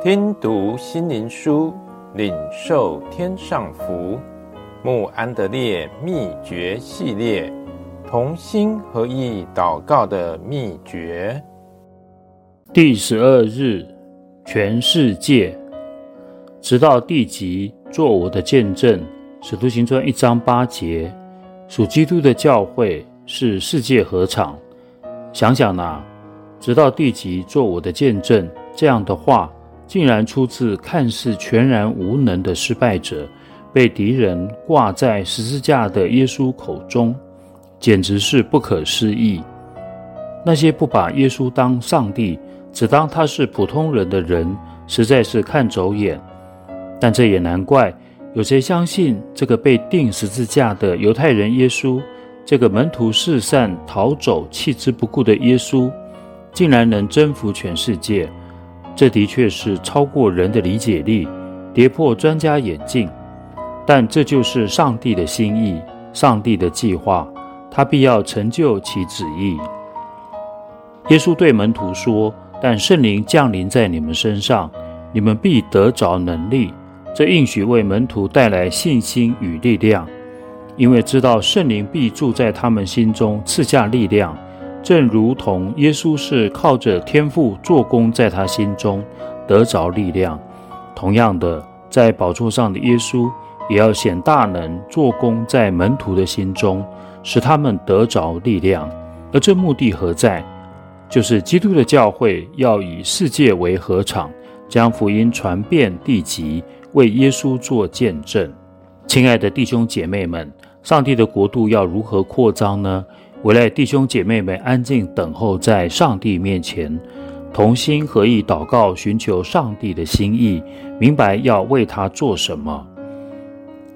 聽讀心靈書，領受天上福。慕安德烈秘訣系列，同心合意禱告的秘訣。第十二日，全世界，直到地極，作我的見證。使徒行傳一章八節，屬基督的教會是世界禾場。想想吶、啊，直到地極，作我的見證。這樣的話，竟然出自看似全然無能的失敗者，被敵人掛在十字架的耶穌口中，簡直是不可思議。那些不把耶穌當上帝，只當他是普通人的人，實在是看走眼。但這也難怪，有誰相信這個被釘十字架的猶太人耶穌，這個門徒四散逃走棄之不顧的耶穌，竟然能征服全世界？這的確是超過人的理解力，跌破專家眼鏡。但這就是上帝的心意，上帝的計劃，他必要成就其旨意。耶穌對門徒說：“但聖靈降臨在你們身上，你們必得着能力。”這應許為門徒帶來信心與力量，因為知道聖靈必住在他們心中，賜下力量。正如同耶穌是靠着天父做工，在他心中得着力量，同樣的，在寶座上的耶穌也要顯大能做工，在門徒的心中使他們得着力量。而這目的何在？就是基督的教會要以世界為禾場，將福音傳遍地極，為耶穌做見證。親愛的弟兄姐妹們，上帝的國度要如何擴張呢？惟賴弟兄姐妹們安靜等候在上帝面前，同心合意禱告，尋求上帝的心意，明白要為他做什麼。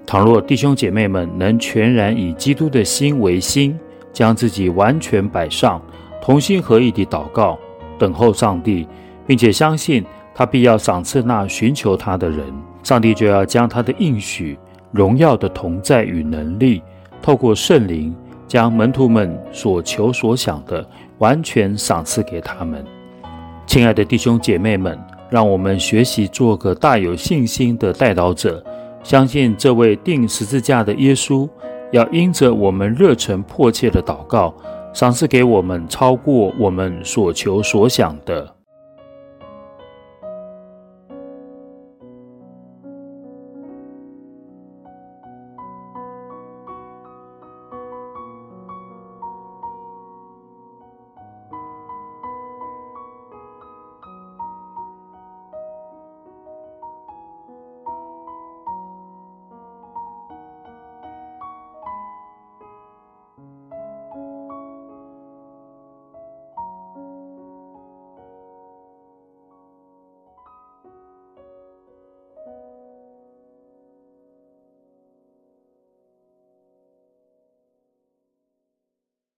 倘若弟兄姐妹們能全然以基督的心為心，將自己完全擺上，同心合意地禱告，等候上帝，並且相信他必要賞賜那尋求他的人，上帝就要將他的應許、榮耀的同在與能力，透過聖靈。將門徒們所求所想的，完全賞賜給他們。親愛的弟兄姐妹們，讓我們學習做個大有信心的代禱者，相信這位釘十字架的耶穌，要因着我們熱誠迫切的禱告，賞賜給我們超過我們所求所想的。